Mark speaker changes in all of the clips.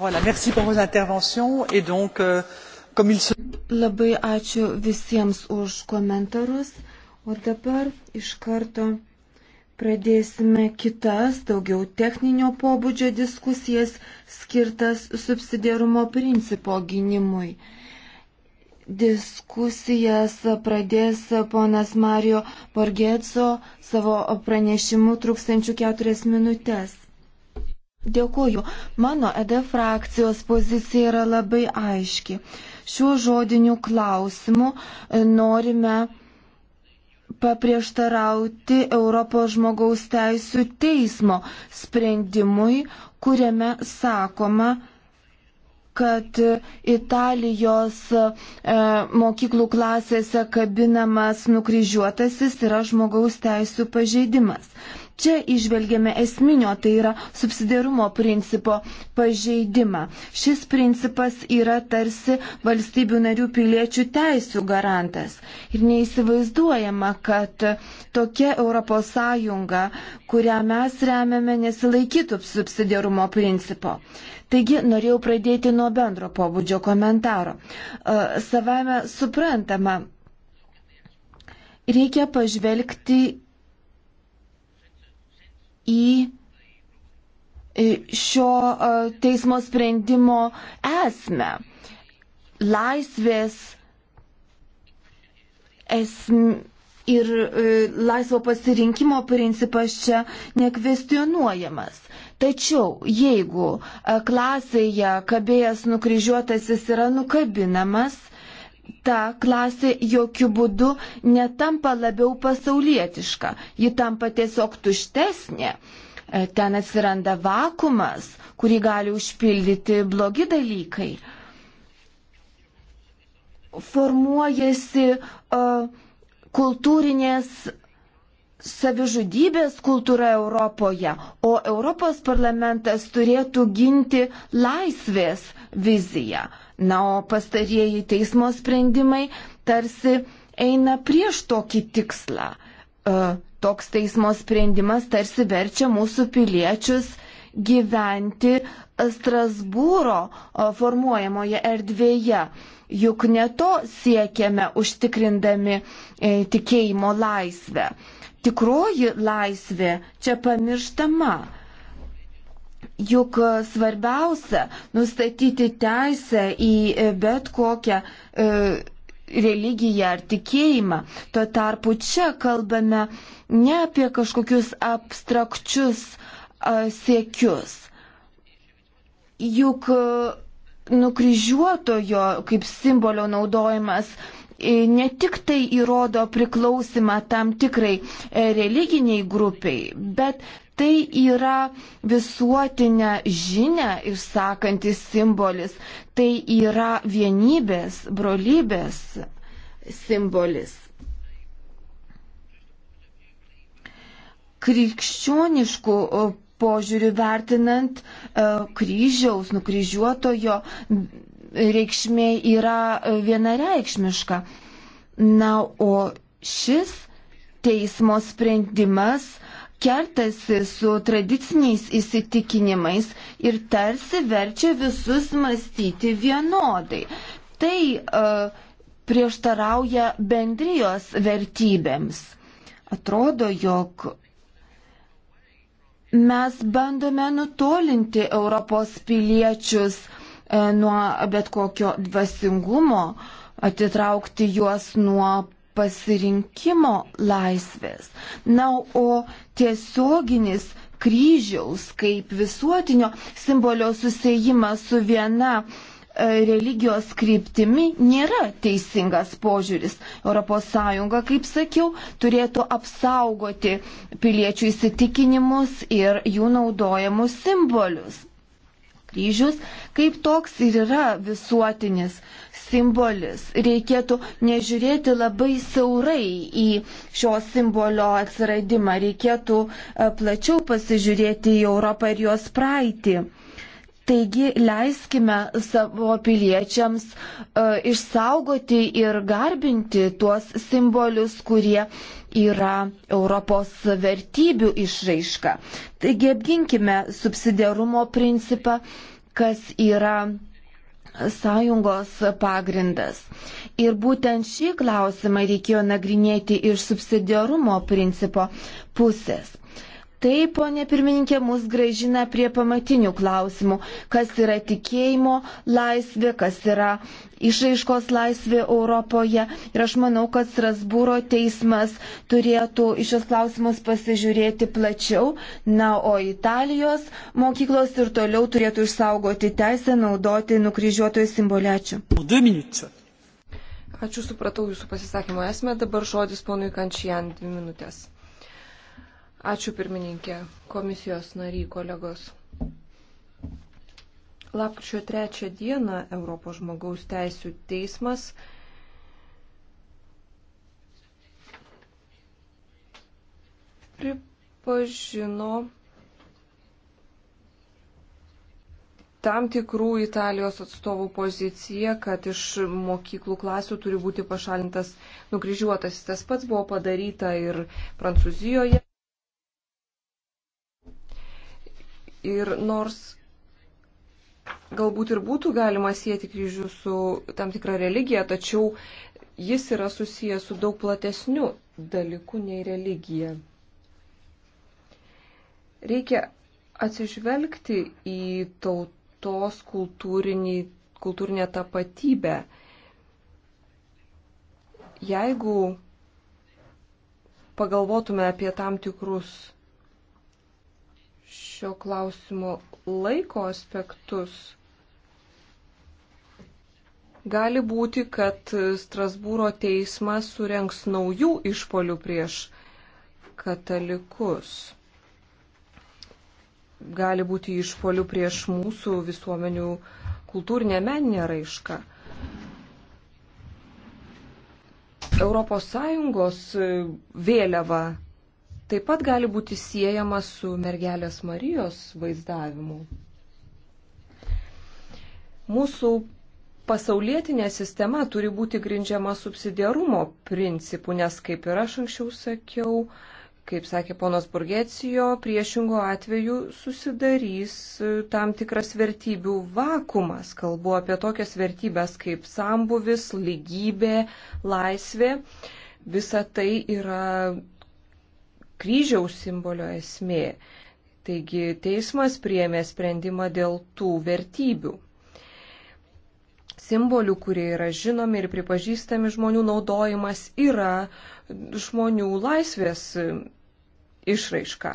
Speaker 1: Voilà, merci pour vos interventions et donc, euh,
Speaker 2: comme il se... Labai ačiū visiems už komentarus, o dabar iš karto pradėsime kitas, daugiau techninio pobūdžio diskusijas skirtas subsidiarumo principo gynimui. Diskusijas pradės ponas Mario Borgetso savo pranešimu trukstančių keturias minutės. Dėkuoju. Mano ED frakcijos pozicija yra labai aiški. Šiuo žodiniu klausimu e, norime paprieštarauti Europos žmogaus teisų teismo sprendimui, kuriame sakoma, kad Italijos e, mokyklų klasėse kabinamas nukryžiuotasis yra žmogaus teisų pažeidimas čia išvelgiame esminio, tai yra subsidiarumo principo pažeidimą. Šis principas yra tarsi valstybių narių piliečių teisų garantas. Ir neįsivaizduojama, kad tokia ES, kurią mes remiame, nesilaikytų subsidiarumo principo. Taigi norėjau pradėti nuo bendro pobūdžio komentaro. Savame suprantama, reikia pažvelgti į šio e, teismo sprendimo esmę. Laisvės esmė ir e, laisvo pasirinkimo principas čia nekvestionuojamas. Tačiau jeigu e, klasėje kabėjęs nukryžiuotasis yra nukabinamas, ta klasė jokių būdų netampa labiau pasaulietiška, ji tampa tiesiog tuštesnė. E, ten atsiranda vakumas, kurį gali užpildyti blogi dalykai. Formuojasi uh, kultūrinės savižudybės kultūra Europoje, o Europos parlamentas turėtų ginti laisvės viziją. Uh, Na, o pastarieji teismo sprendimai tarsi eina prieš tokį tikslą. E, toks teismo sprendimas tarsi verčia mūsų piliečius gyventi Strasbūro e, formuojamoje erdvėje. Juk ne to siekiame užtikrindami e, tikėjimo laisvę. Tikroji laisvė čia pamirštama Juk e, svarbiausia nustatyti teisę į e, bet kokią e, religiją ar tikėjimą. Tuo tarpu čia kalbame ne apie kažkokius abstrakčius e, siekius. Juk e, nukryžiuotojo kaip simbolio naudojimas e, E, ne tik tai įrodo priklausimą tam tikrai e, religiniai grupiai, bet tai yra visuotinę žinę išsakantis simbolis, tai yra vienybės, brolybės simbolis. Krikščioniškų požiūrių vertinant e, kryžiaus, nukryžiuotojo reikšmė yra e, vienareikšmiška. Na, o šis teismo sprendimas kertasi su tradiciniais įsitikinimais ir tarsi verčia visus mąstyti vienodai. Tai uh, prieštarauja bendrijos vertybėms. Atrodo, jog mes bandome nutolinti Europos piliečius E, nuo bet kokio dvasingumo, atitraukti juos nuo pasirinkimo laisvės. Na, o tiesioginis kryžiaus kaip visuotinio simbolio susijimas su viena e, religijos kryptimi nėra teisingas požiūris. ES, kaip sakiau, turėtų apsaugoti piliečių įsitikinimus ir jų naudojamus simbolius kryžius kaip toks ir yra visuotinis simbolis. Reikėtų nežiūrėti labai saurai į šio simbolio atsiradimą, reikėtų e, plačiau pasižiūrėti į Europą ir jos praeitį. Taigi leiskime savo piliečiams e, išsaugoti ir garbinti tuos simbolius, kurie yra Europos vertybių išraiška. Taigi apginkime subsidiarumo principą, kas yra sąjungos pagrindas. Ir būtent šį klausimą reikėjo nagrinėti iš subsidiarumo principo pusės. Tai, ponė pirmininkė, mus gražina prie pamatinių klausimų, kas yra tikėjimo laisvė, kas yra išaiškos laisvė Europoje. Ir aš manau, kad Strasbūro teismas turėtų iš šios klausimus pasižiūrėti plačiau. Na, o Italijos mokyklos ir toliau turėtų išsaugoti teisę naudoti nukryžiuotojų simboliačių.
Speaker 3: Ačiū, supratau jūsų pasisakymo esmę. Dabar žodis ponui Kančijan dvi minutės. Ačiū pirmininkė, komisijos nariai, kolegos. Lapkričio trečią dieną Europos žmogaus teisų teismas pripažino tam tikrų Italijos atstovų poziciją, kad iš mokyklų klasių turi būti pašalintas nukryžiuotas. Tas pats buvo padaryta ir Prancūzijoje. Ir nors galbūt ir būtų galima sieti kryžių su tam tikra religija, tačiau jis yra susijęs su daug platesniu dalyku nei religija. Reikia atsižvelgti į tautos kultūrinį, kultūrinę tapatybę. Jeigu pagalvotume apie tam tikrus šio klausimo laiko aspektus, gali būti, kad Strasbūro teismas surenks naujų išpolių prieš katalikus. Gali būti išpolių prieš mūsų visuomenių kultūrinę meninę raišką. Europos Sąjungos vėliava taip pat gali būti siejama su mergelės Marijos vaizdavimu. Mūsų pasaulietinė sistema turi būti grindžiama subsidiarumo principu, nes kaip ir aš anksčiau sakiau, kaip sakė ponas Burgecijo, priešingų atveju susidarys e, tam tikras vertybių vakumas. Kalbu apie tokias vertybės kaip sambuvis, lygybė, laisvė. Visa tai yra kryžiaus simbolio esmė. Taigi teismas priemė sprendimą dėl tų vertybių. Simbolių, kurie yra žinomi ir pripažįstami žmonių naudojimas, yra žmonių laisvės išraiška.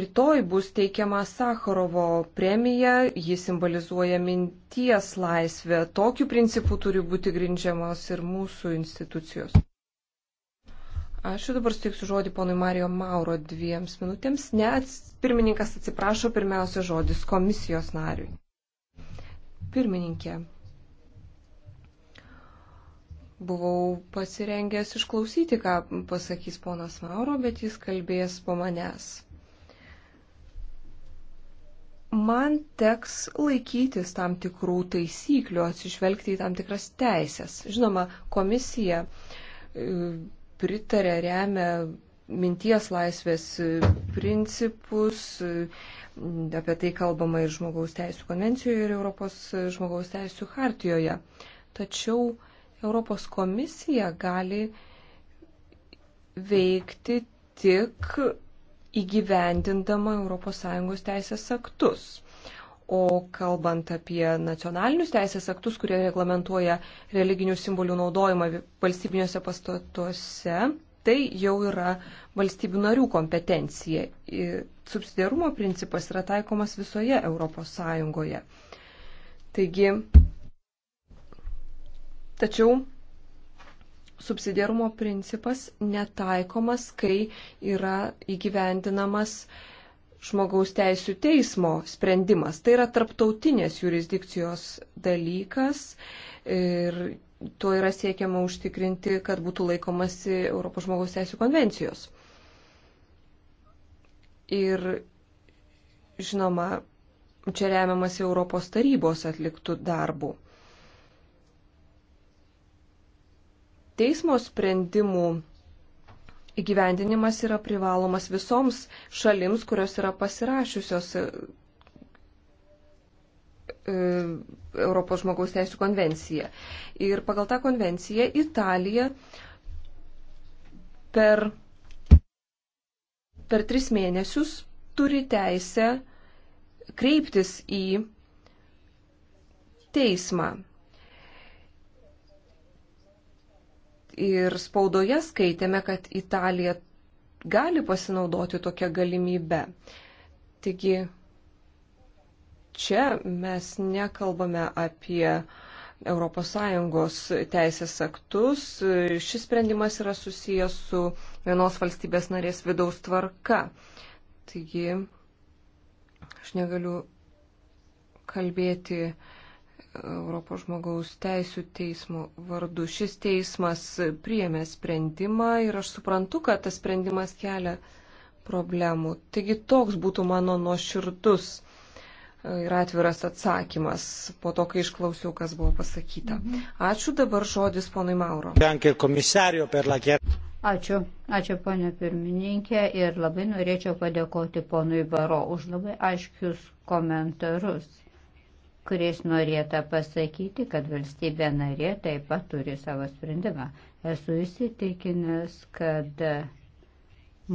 Speaker 3: Rytoj bus teikiama Sakharovo premija, ji simbolizuoja minties laisvę. Tokiu principu turi būti grindžiamos ir mūsų institucijos. Aš jau dabar suteiksiu žodį ponui Mario Mauro dviems minutėms. Net pirmininkas atsiprašo pirmiausia žodis komisijos nariui. Pirmininkė, buvau pasirengęs išklausyti, ką pasakys ponas Mauro, bet jis kalbės po manęs. Man teks laikytis tam tikrų taisyklių, atsižvelgti į tam tikras teisės. Žinoma, komisija pritarė, remia minties laisvės principus, apie tai kalbama ir žmogaus teisų konvencijoje, ir Europos žmogaus teisų hartijoje. Tačiau Europos komisija gali veikti tik įgyvendindama ES teisės aktus. O kalbant apie nacionalinius teisės aktus, kurie reglamentuoja religinių simbolių naudojimą valstybiniuose pastatuose, tai jau yra valstybių narių kompetencija. Subsidiarumo principas yra taikomas visoje Europos Sąjungoje. Taigi, tačiau subsidiarumo principas netaikomas, kai yra įgyvendinamas uh, žmogaus teisų teismo sprendimas. Tai yra tarptautinės jurisdikcijos dalykas ir tuo yra siekiama užtikrinti, kad būtų laikomasi Europos žmogaus teisų konvencijos. Ir žinoma, čia remiamas Europos tarybos atliktų darbų. Teismo sprendimų įgyvendinimas yra privalomas visoms šalims, kurios yra pasirašiusios e, e, Europos žmogaus teisų konvenciją. Ir pagal tą konvenciją Italija per, per tris mėnesius turi teisę kreiptis į teismą. ir spaudoje skaitėme, kad Italija gali pasinaudoti tokią galimybę. Taigi čia mes nekalbame apie ES teisės aktus. Šis sprendimas yra susijęs su vienos valstybės narės vidaus tvarka. Taigi aš negaliu kalbėti Europos žmogaus teisų teismo vardu. Šis teismas priėmė sprendimą ir aš suprantu, kad tas sprendimas kelia problemų. Taigi toks būtų mano nuoširdus ir atviras atsakymas po to, kai išklausiau, kas buvo pasakyta. Ačiū dabar žodis ponui Mauro. Ačiū, ačiū ponė
Speaker 1: pirmininkė ir labai norėčiau padėkoti ponui Baro už labai aiškius komentarus kuriais norėta pasakyti, kad valstybė narė taip pat turi savo sprendimą. Esu įsitikinęs, kad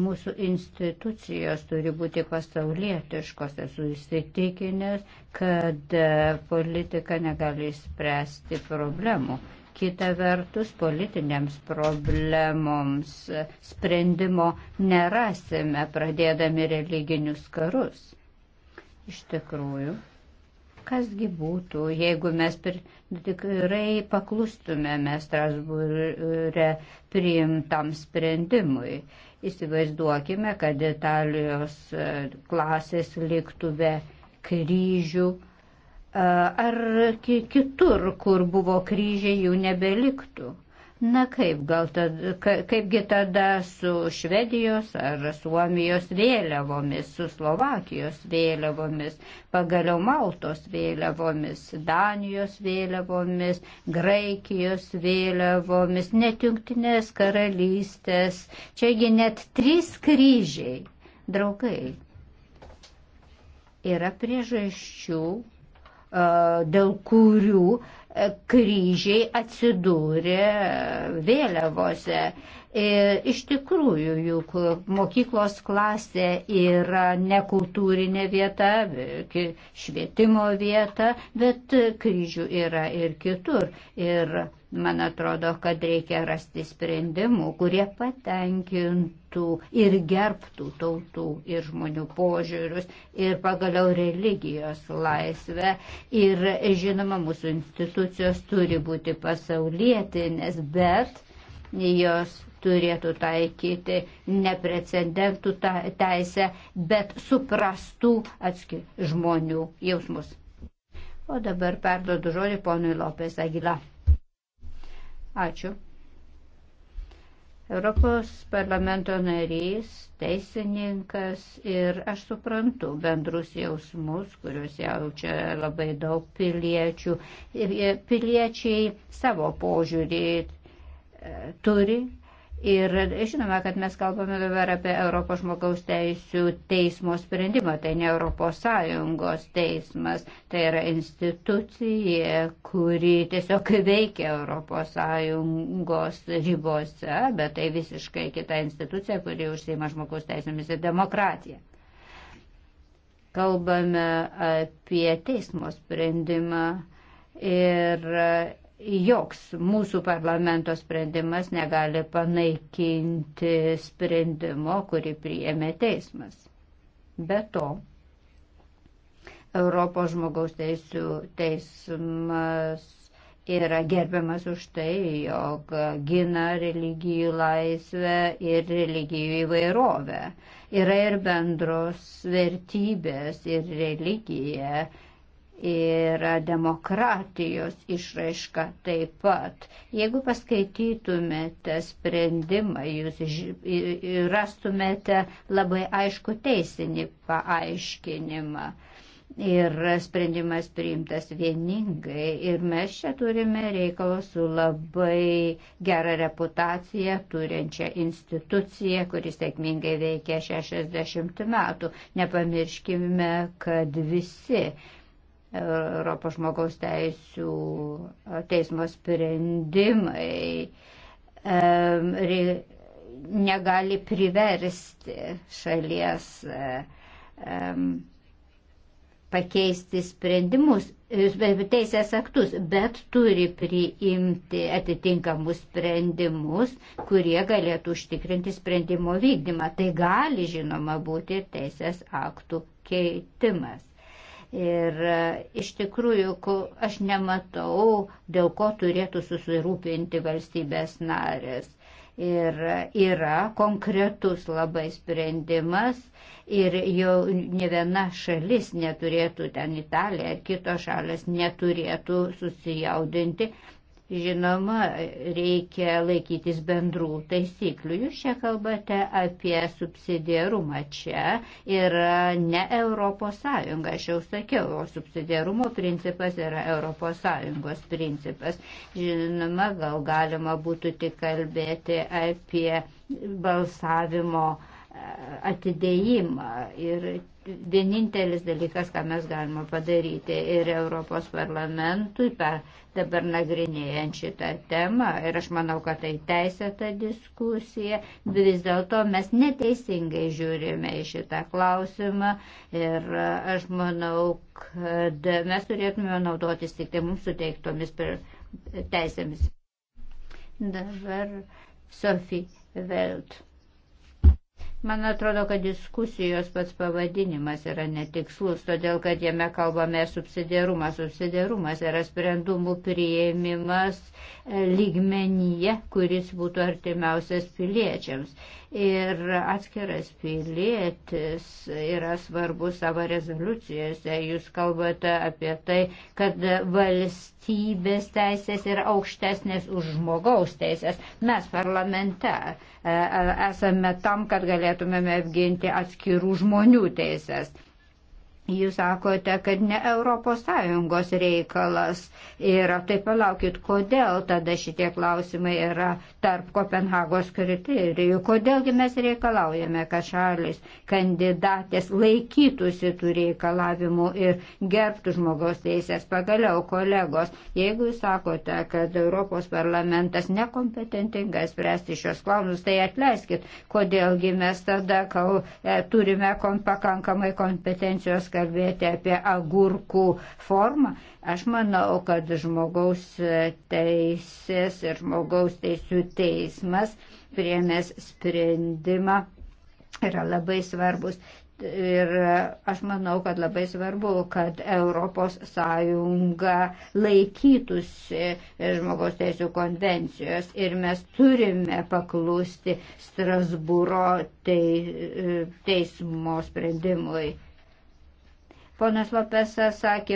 Speaker 1: mūsų institucijos turi būti pasaulietiškos. Esu įsitikinęs, kad politika negali išspręsti problemų. Kita vertus, politinėms problemoms sprendimo nerasime, pradėdami religinius karus. Iš tikrųjų, Kasgi būtų, jeigu mes pir, nu, tikrai paklustumėme Strasbūrė priimtam sprendimui. Įsivaizduokime, kad Italijos e, klasės lėktuve kryžių e, ar kitur, kur buvo kryžiai, jų nebeliktų. Na kaip, gal tada, kaipgi tada su Švedijos ar Suomijos vėliavomis, su Slovakijos vėliavomis, pagaliau Maltos vėliavomis, Danijos vėliavomis, Graikijos vėliavomis, net jungtinės karalystės, čiagi net trys kryžiai, draugai. Yra priežasčių, E, dėl kurių e, kryžiai atsidūrė vėliavose. E, iš tikrųjų, juk mokyklos klasė yra nekultūrinė vieta, švietimo vieta, bet kryžių yra ir kitur. Ir Man atrodo, kad reikia rasti sprendimų, kurie patenkintų ir gerbtų tautų ir žmonių požiūrius ir pagaliau religijos laisvę. Ir žinoma, mūsų institucijos turi būti pasaulietinės, bet jos turėtų taikyti neprecedentų teisę, bet suprastų atskirų žmonių jausmus. O dabar perduodu žodį ponui Lopės Agila. Ačiū. Europos parlamento narys, teisininkas ir aš suprantu bendrus jausmus, kuriuos jaučia labai daug piliečių. Piliečiai savo požiūrį e, turi Ir žinome, kad mes kalbame dabar apie Europos žmogaus teisų teismo sprendimą, tai ne Europos Sąjungos teismas, tai yra institucija, kuri tiesiog veikia Europos Sąjungos ribose, bet tai visiškai kita institucija, kuri užsieima žmogaus teisėmis ir demokratiją. Kalbame apie teismo sprendimą ir joks mūsų parlamento sprendimas negali panaikinti sprendimo, kurį priėmė teismas. Be to, Europos žmogaus teisų teismas yra gerbiamas už tai, jog gina religijų laisvę ir religijų įvairovę. Yra ir bendros vertybės ir religija yra demokratijos išraiška taip pat. Jeigu paskaitytumėte sprendimą, jūs rastumėte labai aišku teisinį paaiškinimą. Ir sprendimas priimtas vieningai. Ir mes čia turime reikalą su labai gerą reputaciją turinčią instituciją, kuris sėkmingai veikia 60 metų. Nepamirškime, kad visi Europos žmogaus teisų teismo sprendimai negali priversti šalies pakeisti sprendimus, e, teisės aktus, bet turi priimti atitinkamus sprendimus, kurie galėtų užtikrinti sprendimo vykdymą. Tai gali, žinoma, būti ir teisės aktų keitimas. Ir e, iš tikrųjų, aš nematau, dėl ko turėtų susirūpinti valstybės narės. Ir e, yra konkretus labai sprendimas ir jau ne viena šalis neturėtų, ten Italija ar kitos šalis neturėtų susijaudinti, Žinoma, reikia laikytis bendrų taisyklių. Jūs čia kalbate apie subsidiarumą. Čia yra ne Europos Sąjunga, aš jau sakiau, o subsidiarumo principas yra Europos Sąjungos principas. Žinoma, gal galima būtų tik kalbėti apie balsavimo uh, atidėjimą. Ir vienintelis dalykas, ką mes galime padaryti ir Europos parlamentui per dabar nagrinėjant šitą temą, ir aš manau, kad tai teisėta diskusija, vis dėlto mes neteisingai žiūrime į šitą klausimą ir aš manau, kad mes turėtume naudotis tik tai mums suteiktomis teisėmis. Dabar Sofija Velt. Man atrodo, kad diskusijos pats pavadinimas yra netikslus, todėl kad jame kalbame subsidiarumas. Subsidiarumas yra sprendimų prieimimas e, lygmenyje, kuris būtų artimiausias piliečiams ir atskiras pilietis yra svarbus savo rezoliucijose. Jūs kalbate apie tai, kad valstybės teisės yra aukštesnės už žmogaus teisės. Mes parlamente e, e, esame tam, kad galėtumėme apginti atskirų žmonių teisės. Jūs sakote, kad ne ES reikalas yra, tai palaukit, kodėl tada šitie klausimai yra tarp Kopenhagos kriterijų, kodėlgi mes reikalaujame, kad šalis kandidatės laikytųsi tų reikalavimų ir gerbtų žmogaus teisės. Pagaliau, kolegos, jeigu jūs sakote, kad Europos parlamentas nekompetentingas spręsti šios klausimus, tai atleiskit, kodėlgi mes tada kol, e, turime kom, pakankamai kompetencijos kalbėjote apie agurkų formą, aš manau, kad žmogaus teisės ir žmogaus teisų teismas priemės sprendimą yra labai svarbus. Ir aš manau, kad labai svarbu, kad Europos Sąjunga laikytųsi žmogaus teisų konvencijos ir mes turime paklusti Strasbūro teismo sprendimui. Ponas Lopesa sakė,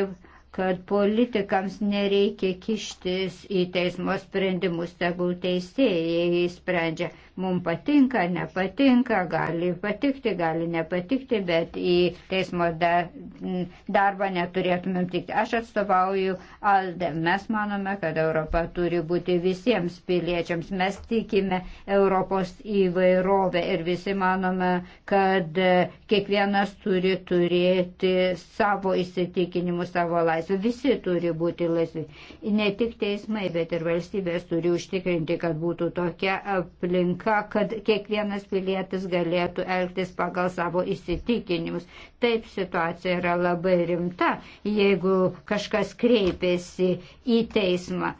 Speaker 1: kad politikams nereikia kištis į teismo sprendimus, tegul teisėjai sprendžia mums patinka, nepatinka, gali patikti, gali nepatikti, bet į teismo darbą neturėtumėm tikti. Aš atstovauju ALDE. Mes manome, kad Europa turi būti visiems piliečiams. Mes tikime Europos įvairovę ir visi manome, kad e, kiekvienas turi turėti savo įsitikinimus, savo laisvę. Visi turi būti laisvi. Ne tik teismai, bet ir valstybės turi užtikrinti, kad būtų tokia aplinka aplinka, kad kiekvienas pilietis galėtų elgtis pagal savo įsitikinimus. Taip situacija yra labai rimta, jeigu kažkas kreipėsi į teismą.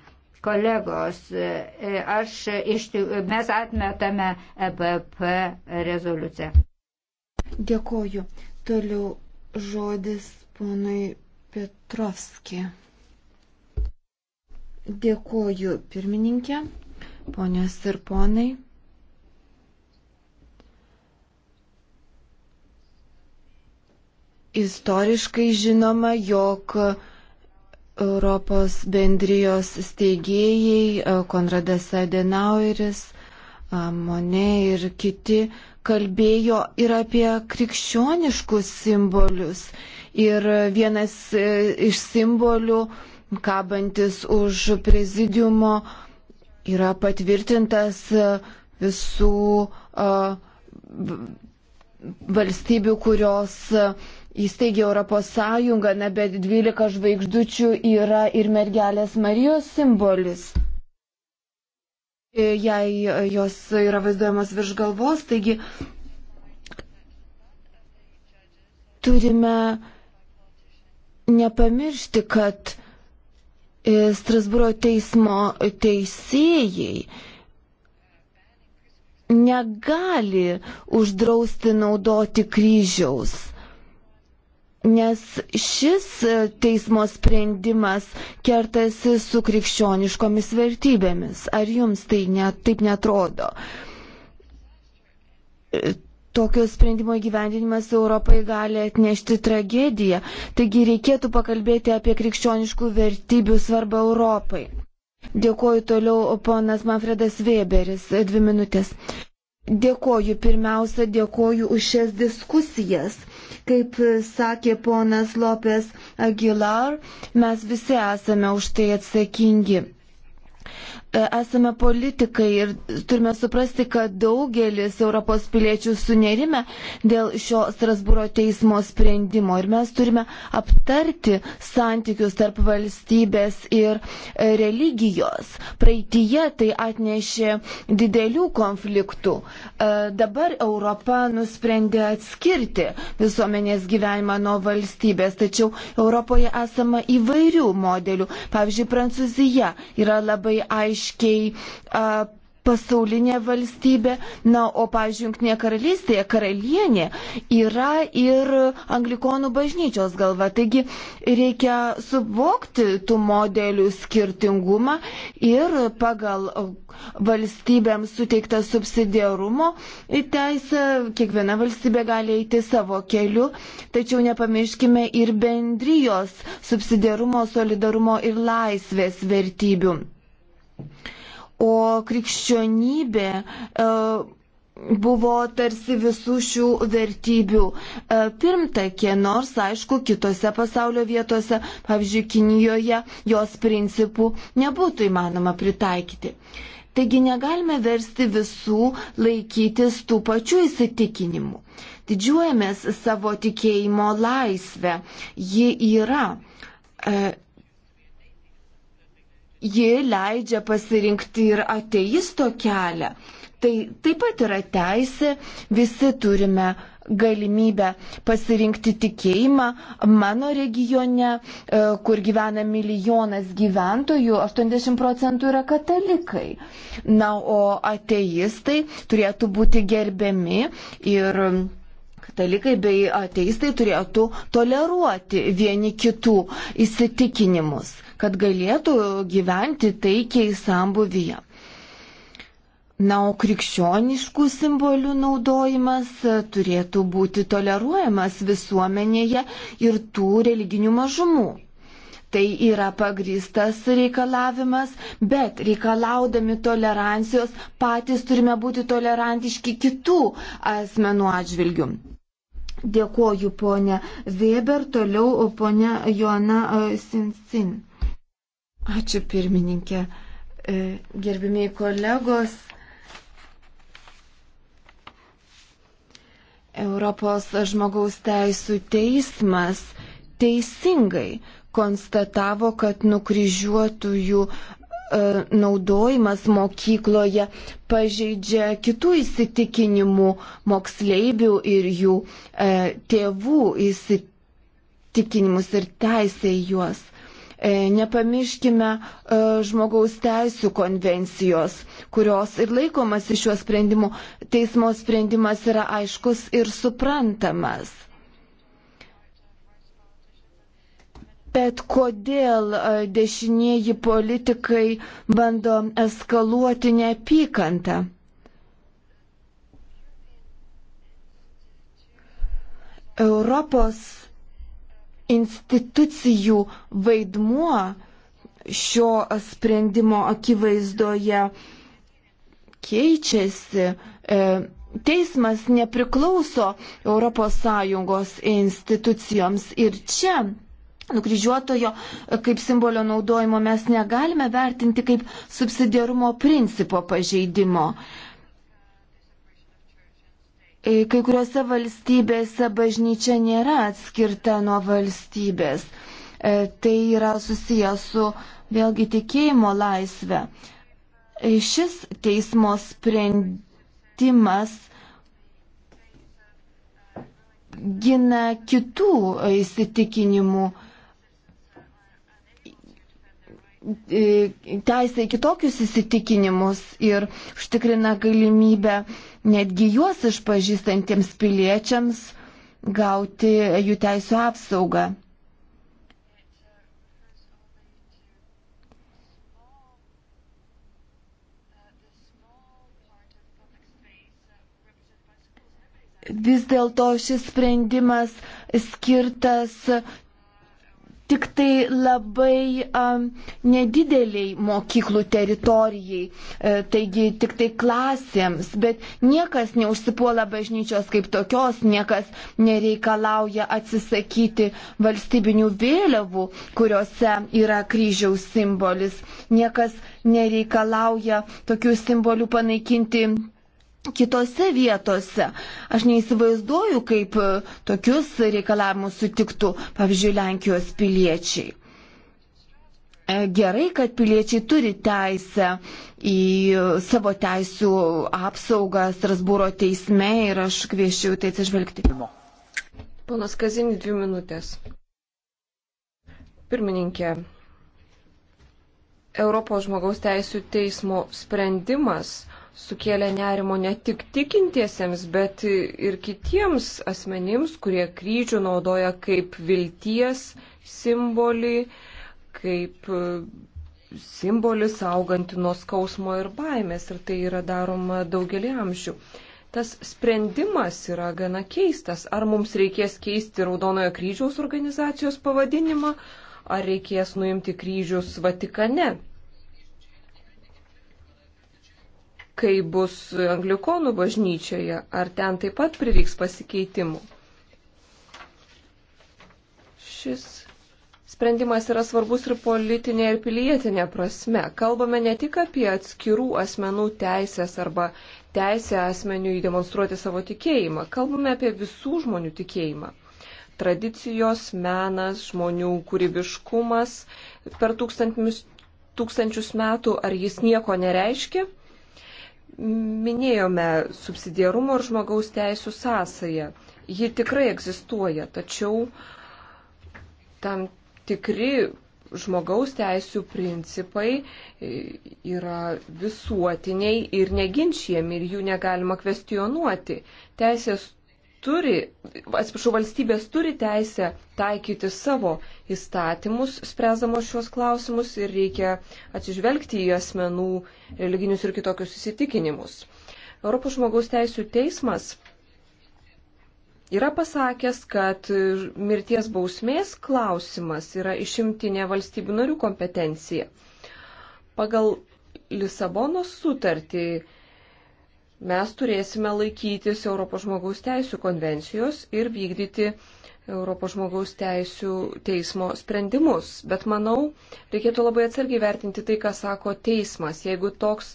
Speaker 1: Kolegos, e, aš iš, mes atmetame EPP rezoliuciją.
Speaker 2: Dėkoju. Toliau žodis ponui Petrovski. Dėkoju pirmininkė, ponios ir ponai. Istoriškai žinoma, jog Europos bendrijos steigėjai e, Konradas Adenaueris, e, Mone ir kiti kalbėjo ir apie krikščioniškus simbolius. Ir vienas e, iš simbolių, kabantis už prezidiumo, yra patvirtintas visų valstybių, kurios įsteigė Europos Sąjungą, na bet 12 žvaigždučių yra ir mergelės Marijos simbolis. E, jei jos yra vaizduojamos virš galvos, taigi turime nepamiršti, kad e, Strasbūro teismo teisėjai negali uždrausti naudoti kryžiaus nes šis e, teismo sprendimas kertasi su krikščioniškomis vertybėmis. Ar jums tai ne, taip netrodo? E, tokio sprendimo įgyvendinimas Europai gali atnešti tragediją, taigi reikėtų pakalbėti apie krikščioniškų vertybių svarbą Europai. Dėkoju toliau ponas Manfredas Weberis, dvi minutės. Dėkoju pirmiausia, dėkoju už šias diskusijas Kaip sakė ponas Lopės Aguilar, mes visi esame už tai atsakingi. E, esame politikai ir turime suprasti, kad daugelis Europos piliečių sunerime dėl šio Strasbūro teismo sprendimo ir mes turime aptarti santykius tarp valstybės ir e, religijos. Praeitie tai atnešė didelių konfliktų. E, dabar Europa nusprendė atskirti visuomenės gyvenimą nuo valstybės, tačiau Europoje esama įvairių modelių. Pavyzdžiui, Prancūzija yra labai aiškiai aiškiai a, pasaulinė valstybė. Na, o, pavyzdžiui, Junktinėje karalystėje karalienė yra ir anglikonų bažnyčios galva. Taigi reikia suvokti tų modelių skirtingumą ir pagal valstybėms suteiktą subsidiarumo teisę kiekviena valstybė gali eiti savo keliu. Tačiau nepamirškime ir bendrijos subsidiarumo, solidarumo ir laisvės vertybių. O krikščionybė e, buvo tarsi visų šių vertybių e, pirmtakė, nors aišku, kitose pasaulio vietose, pavyzdžiui, Kinijoje, jos principų nebūtų įmanoma pritaikyti. Taigi negalime versti visų laikytis tų pačių įsitikinimų. Didžiuojamės savo tikėjimo laisvę. Ji yra e, ji leidžia pasirinkti ir ateisto kelią. Tai taip pat yra teisė, visi turime galimybę pasirinkti tikėjimą. Mano regione, e, kur gyvena milijonas gyventojų, 80 procentų yra katalikai. Na, o ateistai turėtų būti gerbiami ir katalikai bei ateistai turėtų toleruoti vieni kitų įsitikinimus kad galėtų gyventi taikiai sambuvyje. Na, o krikščioniškų simbolių naudojimas e, turėtų būti toleruojamas visuomenėje ir tų religinių mažumų. Tai yra pagristas reikalavimas, bet reikalaudami tolerancijos patys turime būti tolerantiški kitų asmenų atžvilgių. Dėkoju, ponė Weber, toliau ponė Joana Sinsin. E, -Sin. Ačiū pirmininkė. E, Gerbimiai kolegos, Europos žmogaus teisų teismas teisingai konstatavo, kad nukryžiuotųjų e, naudojimas mokykloje pažeidžia kitų įsitikinimų moksleivių ir jų e, tėvų įsitikinimus ir teisė juos. E, nepamirškime e, žmogaus teisų konvencijos, kurios ir laikomasi šiuo sprendimu. Teismo sprendimas yra aiškus ir suprantamas. Bet kodėl e, dešinieji politikai bando eskaluoti neapykantą? Europos institucijų vaidmuo šio sprendimo akivaizdoje keičiasi. E, teismas nepriklauso ES institucijoms ir čia nukryžiuotojo kaip simbolio naudojimo mes negalime vertinti kaip subsidiarumo principo pažeidimo. E, kai kuriuose valstybėse bažnyčia nėra atskirta nuo valstybės. E, tai yra susijęs su vėlgi tikėjimo laisvė. E, šis teismo sprendimas gina kitų įsitikinimų teisę į kitokius įsitikinimus ir užtikrina galimybę netgi juos išpažįstantiems piliečiams gauti jų teisų apsaugą. Vis dėlto šis sprendimas skirtas tik tai labai um, nedideliai mokyklų teritorijai, e, taigi tik tai klasėms, bet niekas neužsipuola bažnyčios kaip tokios, niekas nereikalauja atsisakyti valstybinių vėliavų, kuriuose yra kryžiaus simbolis, niekas nereikalauja tokių simbolių panaikinti kitose vietose. Aš neįsivaizduoju, kaip e, tokius reikalavimus sutiktų, pavyzdžiui, Lenkijos piliečiai. E, gerai, kad piliečiai turi teisę į savo teisų apsaugą Strasbūro teisme ir aš kviečiu tai atsižvelgti.
Speaker 3: Ponas Kazin, dvi minutės. Pirmininkė, Europos žmogaus teisų teismo sprendimas sukėlė nerimo ne tik tikintiesiems, bet ir kitiems asmenims, kurie kryžių naudoja kaip vilties simbolį, kaip e, simbolį saugantį nuo skausmo ir baimės. Ir tai yra daroma daugelį amžių. Tas sprendimas yra gana keistas. Ar mums reikės keisti Raudonojo kryžiaus organizacijos pavadinimą, ar reikės nuimti kryžius Vatikane. kai bus anglikonų bažnyčioje, ar ten taip pat prireiks pasikeitimų. Šis sprendimas yra svarbus ir politinė, ir pilietinė prasme. Kalbame ne tik apie atskirų asmenų teisės arba teisę asmeniui demonstruoti savo tikėjimą, kalbame apie visų žmonių tikėjimą. Tradicijos, menas, žmonių kūrybiškumas per tūkstančius metų, ar jis nieko nereiškia? Minėjome subsidiarumo ir žmogaus teisų sąsają. Ji tikrai egzistuoja, tačiau tam tikri žmogaus teisų principai e, yra visuotiniai ir neginčiami ir jų negalima kvestionuoti. Teisės turi, atsiprašau, valstybės turi teisę taikyti savo įstatymus, spręsdamos šios klausimus ir reikia atsižvelgti į asmenų religinius ir kitokius įsitikinimus. Europos žmogaus teisų teismas yra pasakęs, kad mirties bausmės klausimas yra išimtinė valstybių narių kompetencija. Pagal Lisabonos sutartį mes turėsime laikytis Europos žmogaus teisų konvencijos ir vykdyti Europos žmogaus teisų teismo sprendimus. Bet manau, reikėtų labai atsargiai vertinti tai, ką sako teismas. Jeigu toks,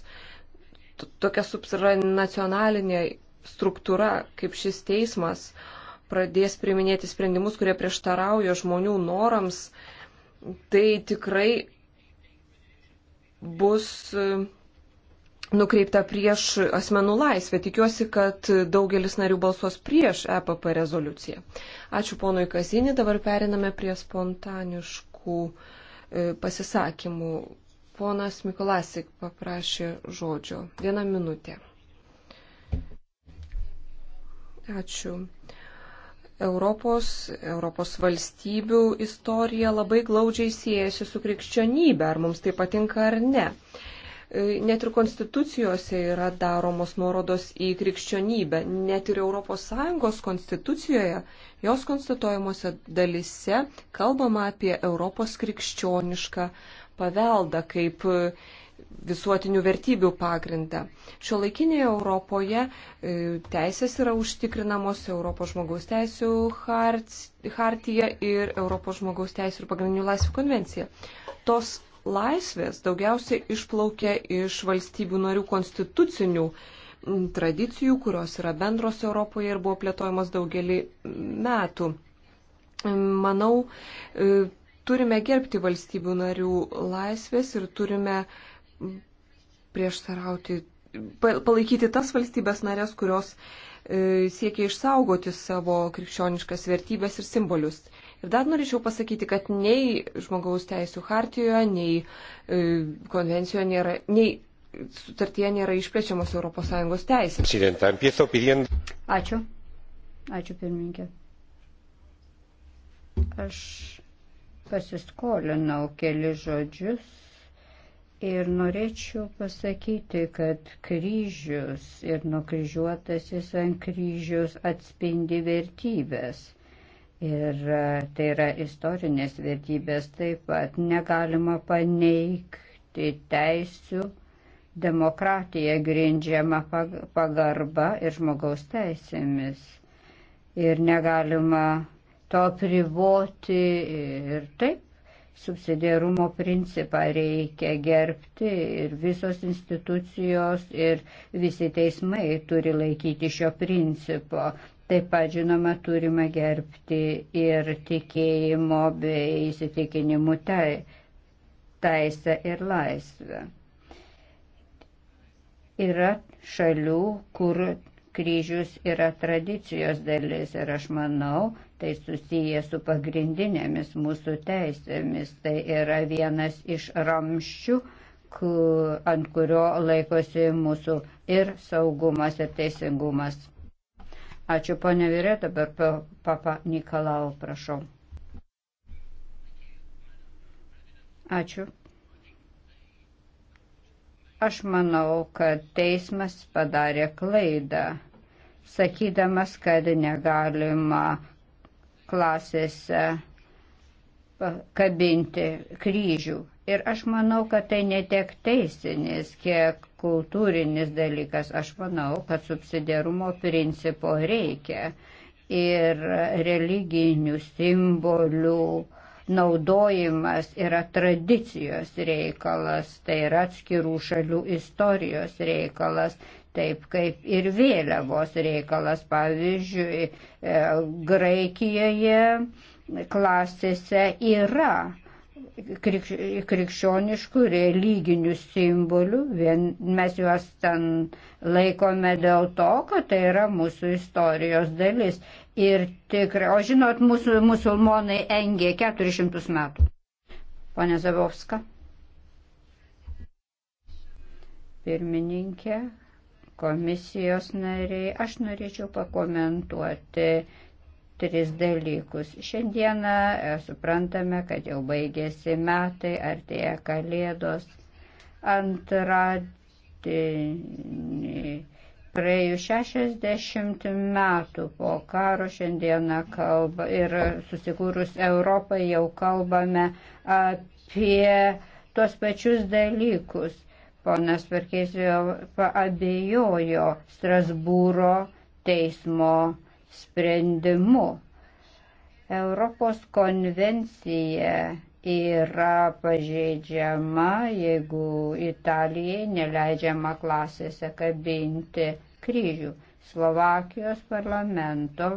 Speaker 3: tokia subsranacionalinė struktūra kaip šis teismas pradės priminėti sprendimus, kurie prieštarauja žmonių norams, tai tikrai bus nukreipta prieš asmenų laisvę. Tikiuosi, kad daugelis narių balsuos prieš EPP rezoliuciją. Ačiū ponui Kazinį, dabar periname prie spontaniškų e, pasisakymų. Ponas Mikolasik paprašė žodžio. Viena minutė. Ačiū. Europos, Europos valstybių istorija labai glaudžiai siejasi su krikščionybė, ar mums tai patinka ar ne. E, net ir konstitucijose yra daromos nuorodos į krikščionybę. Net ir ES konstitucijoje, jos konstatuojamuose dalise kalbama apie Europos krikščionišką paveldą kaip e, visuotinių vertybių pagrindą. Šio laikinėje Europoje e, teisės yra užtikrinamos Europos žmogaus teisų hartija ir Europos žmogaus teisų ir pagrindinių laisvių konvencija. Tos laisvės daugiausiai išplaukia iš valstybių narių konstitucinių mm, tradicijų, kurios yra bendros Europoje ir buvo plėtojamos daugelį mm, metų. Mm, manau, e, turime gerbti valstybių narių laisvės ir turime prieštarauti, palaikyti tas valstybės narės, kurios e, siekia išsaugoti savo krikščioniškas vertybės ir simbolius. Ir dar norėčiau pasakyti, kad nei žmogaus teisų hartijoje, nei e, konvencijoje nėra, nei sutartyje nėra išplečiamos ES teisės. Ačiū. Ačiū pirmininkė. Aš
Speaker 1: pasiskolinau keli žodžius ir norėčiau pasakyti, kad kryžius ir nukryžiuotasis ant kryžiaus atspindi vertybės. Ir e, tai yra istorinės vertybės taip pat negalima paneigti teisių, demokratija grindžiama pagarba ir žmogaus teisėmis. Ir negalima to privoti ir taip. Subsidiarumo principą reikia gerbti ir visos institucijos ir visi teismai turi laikyti šio principo. Taip pat, žinoma, turime gerbti ir tikėjimo bei įsitikinimų tai, teisę ir laisvę. Yra šalių, kur kryžius yra tradicijos dalis ir aš manau, tai susiję su pagrindinėmis mūsų teisėmis. Tai yra vienas iš ramščių, ant kurio laikosi mūsų ir saugumas, ir teisingumas. Ačiū, ponia Virė, dabar papa Nikolau, prašau. Ačiū. Aš manau, kad teismas padarė klaidą, sakydamas, kad negalima klasėse kabinti kryžių. Ir aš manau, kad tai netiek teisinis, kiek kultūrinis dalykas. Aš manau, kad subsidiarumo principo reikia ir religinių simbolių naudojimas yra tradicijos reikalas, tai yra atskirų šalių istorijos reikalas, taip kaip ir vėliavos reikalas. Pavyzdžiui, e, Graikijoje klasėse yra krikščioniškų religinių simbolių, vien mes juos ten laikome dėl to, kad tai yra mūsų istorijos dalis. Ir tikrai, o žinot, mūsų musulmonai engė 400 metų. Pane Zabovska. Pirmininkė, komisijos nariai, aš norėčiau pakomentuoti tris dalykus. Šiandieną e, suprantame, kad jau baigėsi metai, artėja kalėdos. Antradienį praėjus 60 metų po karo šiandieną kalba ir susikūrus Europai jau kalbame apie tuos pačius dalykus. Ponas Perkėsijo paabejojo Strasbūro teismo sprendimu. Europos konvencija yra pažeidžiama, jeigu Italijai neleidžiama klasėse kabinti kryžių. Slovakijos parlamento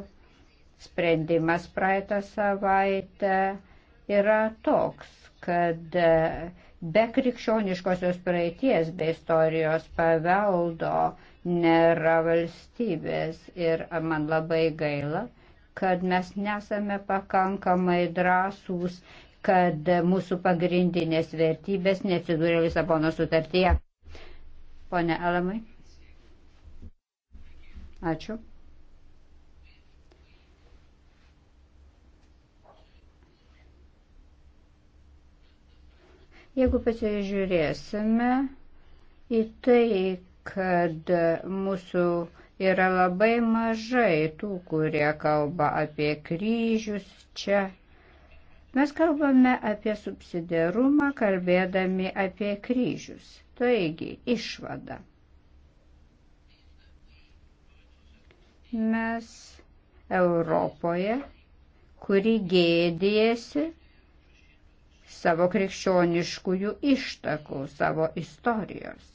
Speaker 1: sprendimas praeitą savaitę yra toks, kad Be krikščioniškosios praeities, be istorijos paveldo nėra valstybės ir man labai gaila, kad mes nesame pakankamai drąsūs, kad mūsų pagrindinės vertybės neatsidūrė Lisabono sutartyje. Pone Alamai. Ačiū. Jeigu pasižiūrėsime į tai, kad mūsų yra labai mažai tų, kurie kalba apie kryžius čia. Mes kalbame apie subsidiarumą, kalbėdami apie kryžius. Taigi, išvada. Mes Europoje, kuri gėdėsi, savo krikščioniškųjų ištakų, savo istorijos.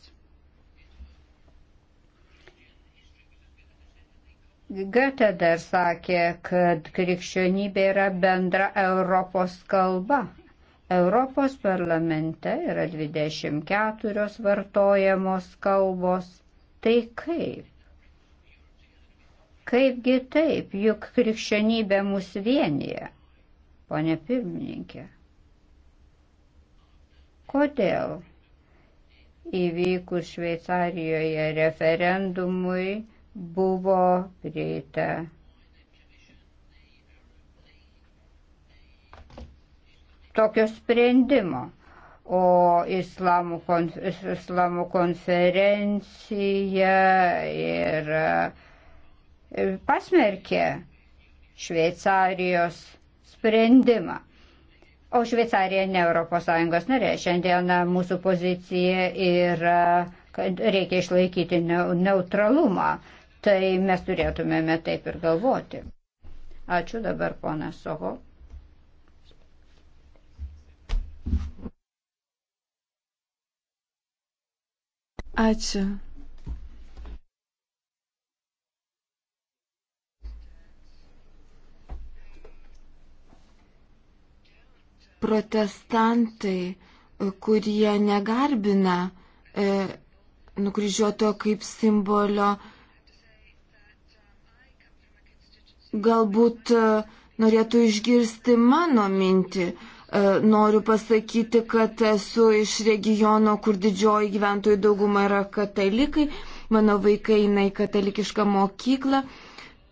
Speaker 1: Goethe dar sakė, kad krikščionybė yra bendra Europos kalba. Europos parlamente yra 24 vartojamos kalbos. Tai kaip? Kaipgi taip, juk krikščionybė mus vienyje, ponė pirmininkė. Kodėl? Įvykus Šveicarijoje referendumui buvo prieita tokio sprendimo. O islamų, konf islamų konferencija ir e, pasmerkė Šveicarijos sprendimą o Šveicarija ne ES narė. Šiandieną mūsų pozicija yra, kad reikia išlaikyti neutralumą. Tai mes turėtumėme taip ir galvoti. Ačiū dabar, ponas Soho.
Speaker 2: Ačiū. protestantai, kurie negarbina e, nukryžiuoto kaip simbolio, galbūt e, norėtų išgirsti mano mintį. E, noriu pasakyti, kad esu iš regiono, kur didžioji gyventojų dauguma yra katalikai, mano vaikai eina į katalikišką mokyklą.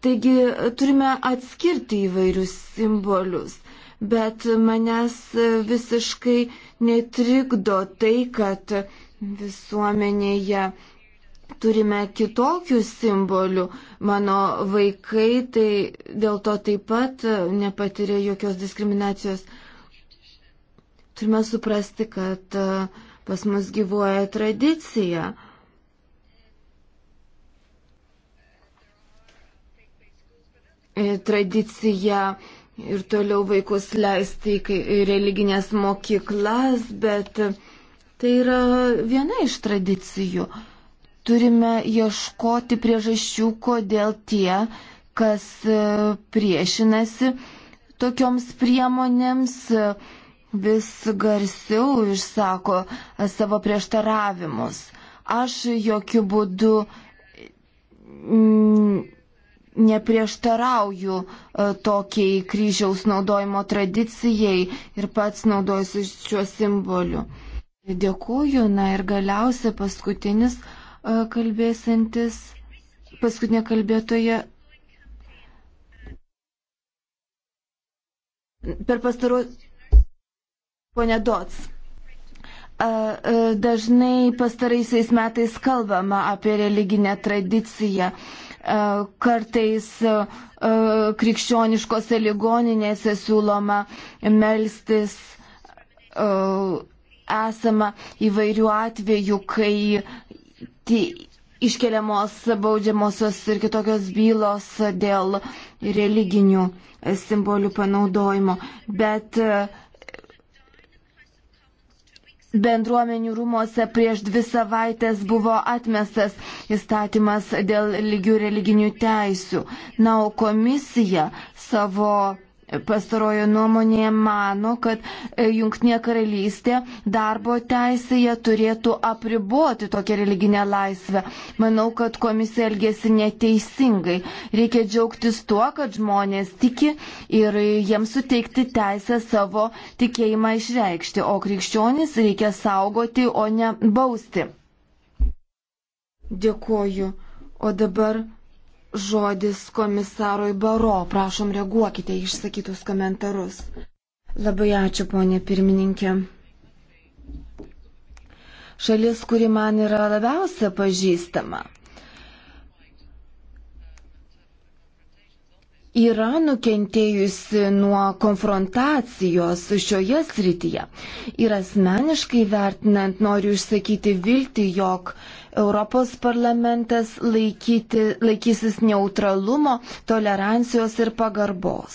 Speaker 2: Taigi turime atskirti įvairius simbolius bet manęs visiškai netrikdo tai, kad visuomenėje turime kitokių simbolių. Mano vaikai tai dėl to taip pat nepatiria jokios diskriminacijos. Turime suprasti, kad e, pas mus gyvuoja tradicija. E, tradicija ir toliau vaikus leisti į religinės mokyklas, bet tai yra viena iš tradicijų. Turime ieškoti priežasčių, kodėl tie, kas priešinasi tokioms priemonėms, vis garsiau išsako savo prieštaravimus. Aš jokių būdų mm, neprieštarauju e, tokiai kryžiaus naudojimo tradicijai ir pats naudojusi šiuo simboliu. Dėkuoju, na ir galiausia paskutinis e, kalbėsantis, paskutinė kalbėtoja. Per pastaru. Pone Dots. E, dažnai pastaraisiais metais kalbama apie religinę tradiciją kartais e, e, krikščioniškose ligoninėse siūloma melstis. E, esama įvairių atvejų, kai iškeliamos baudžiamosios ir kitokios bylos dėl religinių simbolių panaudojimo. Bet uh, bendruomenių rūmose prieš dvi savaitės buvo atmestas įstatymas dėl lygių religinių teisių. Na, o komisija savo Pastarojo nuomonė mano, kad e, Junktinė karalystė darbo teisėje turėtų apriboti tokią religinę laisvę. Manau, kad komisija elgėsi neteisingai. Reikia džiaugtis tuo, kad žmonės tiki ir jiems suteikti teisę savo tikėjimą išreikšti, o krikščionis reikia saugoti, o ne bausti. Dėkoju. O dabar žodis komisarui Baro. Prašom reaguokite į išsakytus komentarus. Labai ačiū, ponė pirmininkė. Šalis, kuri man yra labiausia pažįstama, yra nukentėjusi nuo konfrontacijos šioje srityje. Ir asmeniškai vertinant, noriu išsakyti viltį, jog Europos parlamentas laikyti, laikysis neutralumo, tolerancijos ir pagarbos.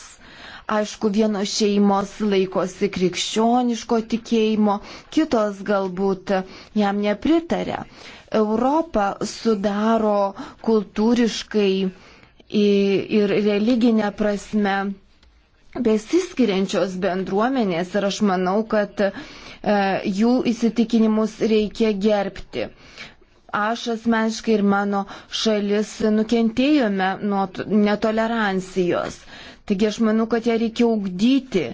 Speaker 2: Aišku, vienos šeimos laikosi krikščioniško tikėjimo, kitos galbūt jam nepritarė. Europą sudaro kultūriškai ir religinė prasme besiskiriančios bendruomenės ir aš manau, kad e, jų įsitikinimus reikia gerbti. Aš asmeniškai ir mano šalis nukentėjome nuo netolerancijos. Taigi aš manau, kad ją reikia ugdyti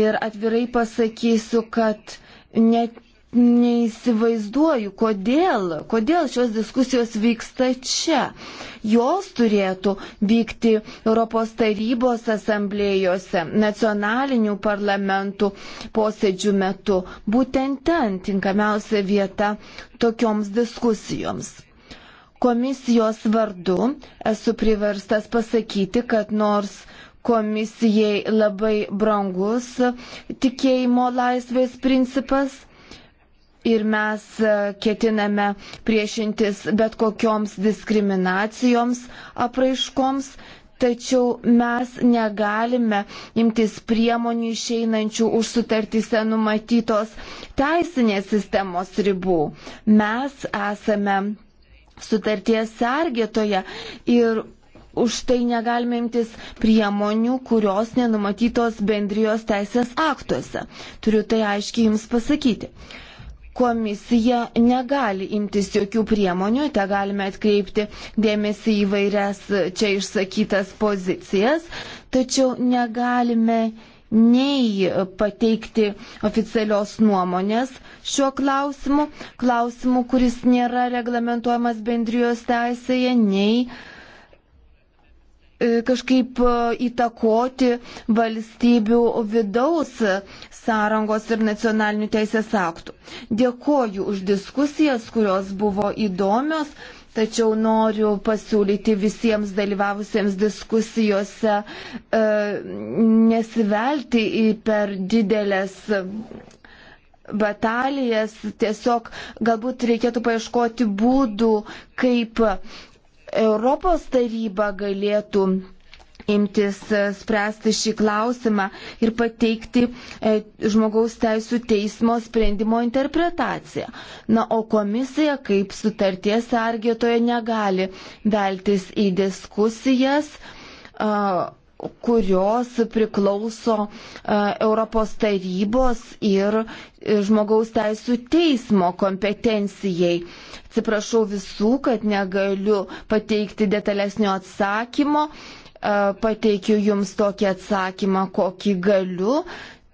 Speaker 2: ir atvirai pasakysiu, kad net neįsivaizduoju, kodėl, kodėl šios diskusijos vyksta čia. Jos turėtų vykti Europos tarybos asamblėjose, nacionalinių parlamentų posėdžių metu. Būtent ten tinkamiausia vieta tokioms diskusijoms. Komisijos vardu esu priverstas pasakyti, kad nors komisijai labai brangus tikėjimo laisvės principas, ir mes e, ketiname priešintis bet kokioms diskriminacijoms apraiškoms, tačiau mes negalime imtis priemonių išeinančių už sutartyse numatytos teisinės sistemos ribų. Mes esame sutarties sergėtoje ir už tai negalime imtis priemonių, kurios nenumatytos bendrijos teisės aktuose. Turiu tai aiškiai Jums pasakyti komisija negali imtis jokių priemonių, te galime atkreipti dėmesį į vairias čia išsakytas pozicijas, tačiau negalime nei pateikti oficialios nuomonės šiuo klausimu, klausimu, kuris nėra reglamentuojamas bendrijos teisėje, nei uh, E, kažkaip e, įtakoti valstybių vidaus sąrangos ir nacionalinių teisės aktų. Dėkoju už diskusijas, kurios buvo įdomios, tačiau noriu pasiūlyti visiems dalyvavusiems diskusijose e, nesivelti į per didelės batalijas, tiesiog galbūt reikėtų paieškoti būdų, kaip Europos taryba galėtų imtis e, spręsti šį klausimą ir pateikti e, žmogaus teisų teismo sprendimo interpretaciją. Na, o komisija kaip sutarties argėtoje negali veltis į diskusijas. Uh, kurios priklauso e, Europos tarybos ir e, žmogaus teisų teismo kompetencijai. Atsiprašau visų, kad negaliu pateikti detalesnio atsakymo. E, pateikiu Jums tokį atsakymą, kokį galiu.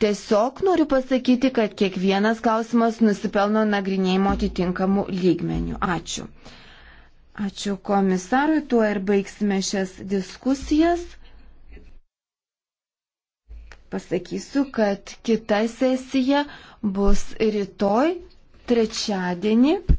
Speaker 2: Tiesiog noriu pasakyti, kad kiekvienas klausimas nusipelno nagrinėjimo atitinkamų lygmenių. Ačiū. Ačiū komisarui, tuo ir baigsime šias diskusijas pasakysiu, kad kita sesija bus rytoj, trečiadienį.